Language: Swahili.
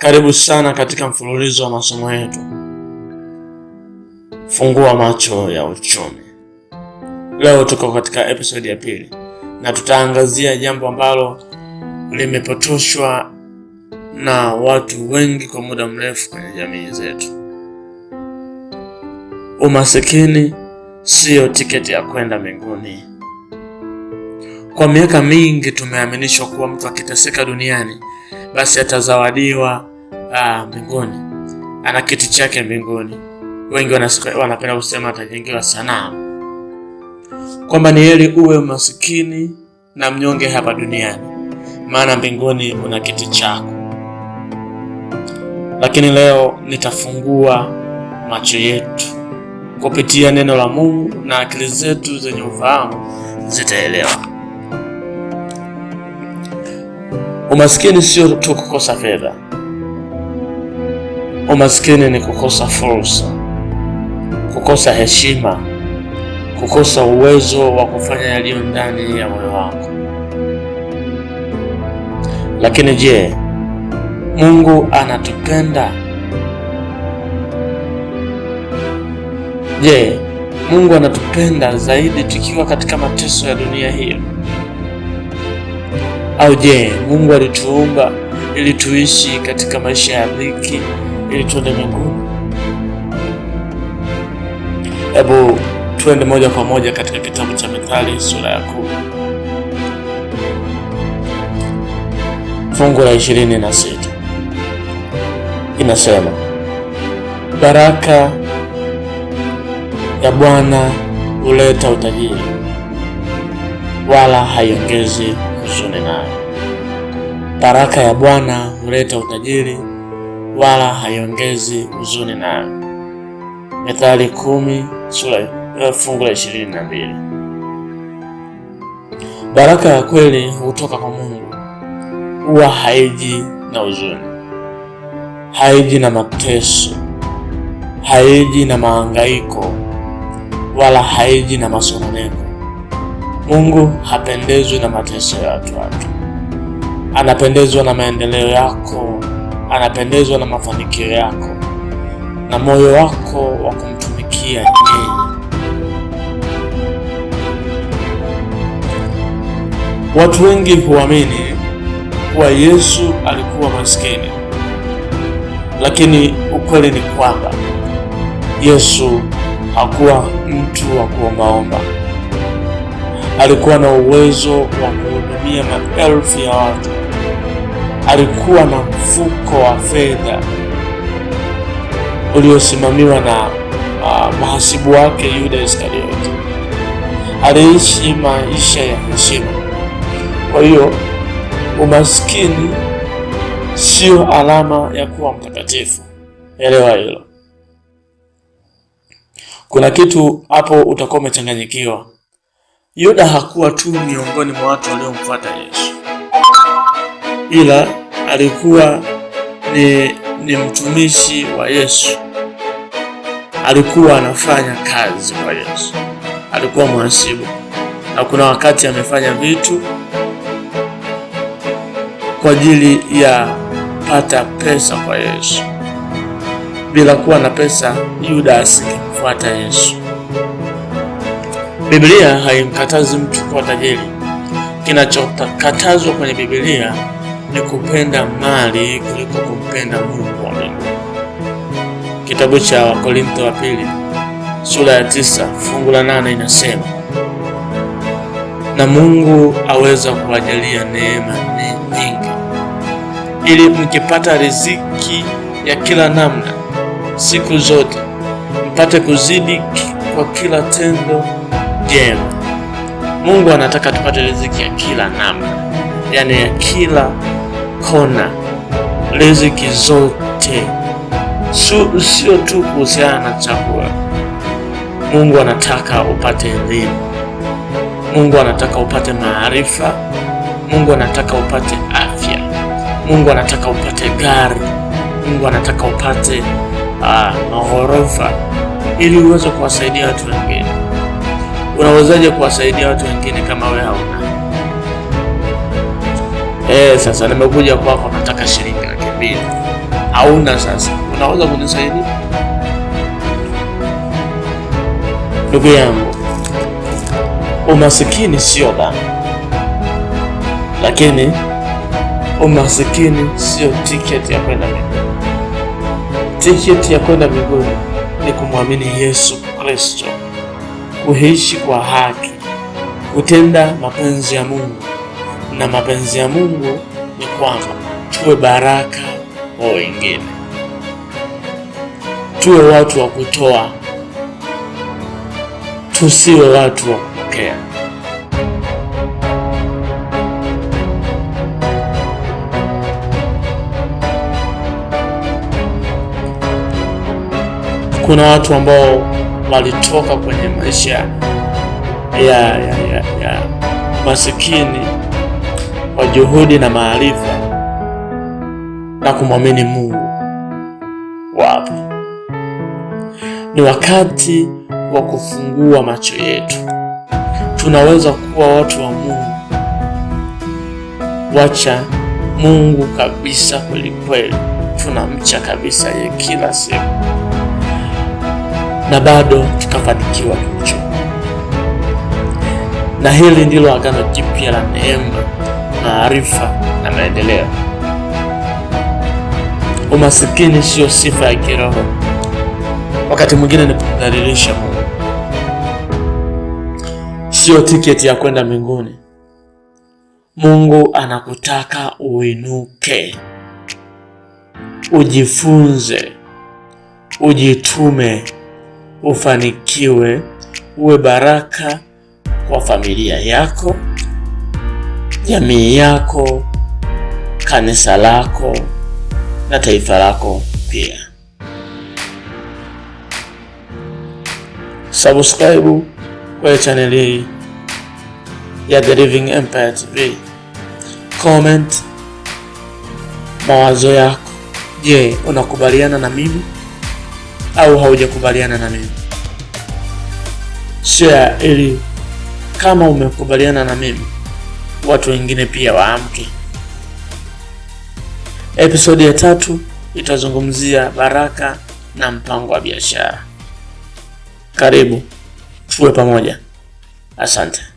Karibu sana katika mfululizo wa masomo yetu Fungua Macho ya Uchumi. Leo tuko katika episodi ya pili na tutaangazia jambo ambalo limepotoshwa na watu wengi kwa muda mrefu kwenye jamii zetu. Umasikini siyo tiketi ya kwenda mbinguni. Kwa miaka mingi tumeaminishwa kuwa mtu akiteseka duniani basi atazawadiwa ah, mbinguni, ana kiti chake mbinguni. Wengi wanapenda kusema atajengewa sanamu, kwamba ni heri uwe masikini na mnyonge hapa duniani, maana mbinguni una kiti chako. Lakini leo nitafungua macho yetu kupitia neno la Mungu, na akili zetu zenye ufahamu zitaelewa. Umasikini sio tu kukosa fedha Umaskini ni kukosa fursa, kukosa heshima, kukosa uwezo wa kufanya yaliyo ndani ya moyo wako. Lakini je, Mungu anatupenda? Je, Mungu anatupenda zaidi tukiwa katika mateso ya dunia hiyo? Au je, Mungu alituumba ili tuishi katika maisha ya dhiki kilicho mbinguni. Hebu tuende moja kwa moja katika kitabu cha Mithali sura ya kumi fungu la ishirini na sita inasema, baraka ya Bwana huleta utajiri, wala haiongezi huzuni nayo. Baraka ya Bwana huleta utajiri wala haiongezi huzuni nayo. Methali kumi sura eh, fungu la ishirini na mbili. Baraka ya kweli hutoka kwa Mungu, huwa haiji na huzuni, haiji na mateso, haiji na maangaiko wala haiji na masononeko. Mungu hapendezwi na mateso ya watu wake, anapendezwa na maendeleo yako anapendezwa na mafanikio yako na moyo wako wa kumtumikia yeye. Watu wengi huamini kuwa Yesu alikuwa maskini, lakini ukweli ni kwamba Yesu hakuwa mtu wa kuombaomba. Alikuwa na uwezo wa kuhudumia maelfu ya watu alikuwa na mfuko wa fedha uliosimamiwa na uh, ah, mhasibu wake Yuda Iskarioti. Aliishi maisha ya heshima. Kwa hiyo umaskini sio alama ya kuwa mtakatifu. Elewa hilo. Kuna kitu hapo utakuwa umechanganyikiwa. Yuda hakuwa tu miongoni mwa watu waliomfuata Yesu, ila alikuwa ni, ni mtumishi wa Yesu, alikuwa anafanya kazi kwa Yesu, alikuwa mhasibu, na kuna wakati amefanya vitu kwa ajili ya pata pesa kwa Yesu. Bila kuwa na pesa, Yuda asingemfuata Yesu. Biblia haimkatazi mtu kuwa tajiri. Kinachokatazwa kwenye Biblia ni kupenda mali kuliko kumpenda Mungu wa mbinguni. Kitabu cha Wakorintho wa pili sura ya tisa fungu la nane inasema na Mungu aweza kuwajalia neema nyingi, ili mkipata riziki ya kila namna siku zote mpate kuzidi kwa kila tendo jema. Mungu anataka tupate riziki ya kila namna, yani ya kila kona, riziki zote, sio tu kuhusiana na chakula. Mungu anataka upate elimu, Mungu anataka upate maarifa, Mungu anataka upate afya, Mungu anataka upate gari, Mungu anataka upate uh, maghorofa, ili uweze kuwasaidia watu wengine. Unawezaje kuwasaidia watu wengine kama wewe Eh, sasa nimekuja kwako, nataka shilingi laki mbili. Hauna sasa, unaweza kunisaidia ndugu yangu? Umasikini sio dhambi, lakini umasikini sio tiketi ya kwenda mbinguni. Tiketi ya kwenda mbinguni ni kumwamini Yesu Kristo, kuishi kwa haki, kutenda mapenzi ya Mungu na mapenzi ya Mungu ni kwamba tuwe baraka kwa wengine, tuwe watu wa kutoa, tusiwe watu wa kupokea. Kuna watu ambao walitoka kwenye maisha ya, ya, ya, ya masikini kwa juhudi na maarifa na kumwamini Mungu wapo. Ni wakati wa kufungua macho yetu. Tunaweza kuwa watu wa Mungu, wacha Mungu kabisa kweli kweli, tunamcha kabisa ye kila siku, na bado tukafanikiwa kiuchumi. Na hili ndilo agano jipya la neema maarifa na maendeleo. Umasikini sio sifa ya kiroho, wakati mwingine ni kudhalilisha Mungu, sio tiketi ya kwenda mbinguni. Mungu anakutaka uinuke, ujifunze, ujitume, ufanikiwe, uwe baraka kwa familia yako jamii yako, kanisa lako na taifa lako pia. Subscribe kwa chaneli hii ya The Living Empire TV. Comment mawazo yako. Je, unakubaliana na mimi au haujakubaliana na mimi? Share ili kama umekubaliana na mimi watu wengine pia waamke. Episodi ya tatu itazungumzia baraka na mpango wa biashara. Karibu tuwe pamoja. Asante.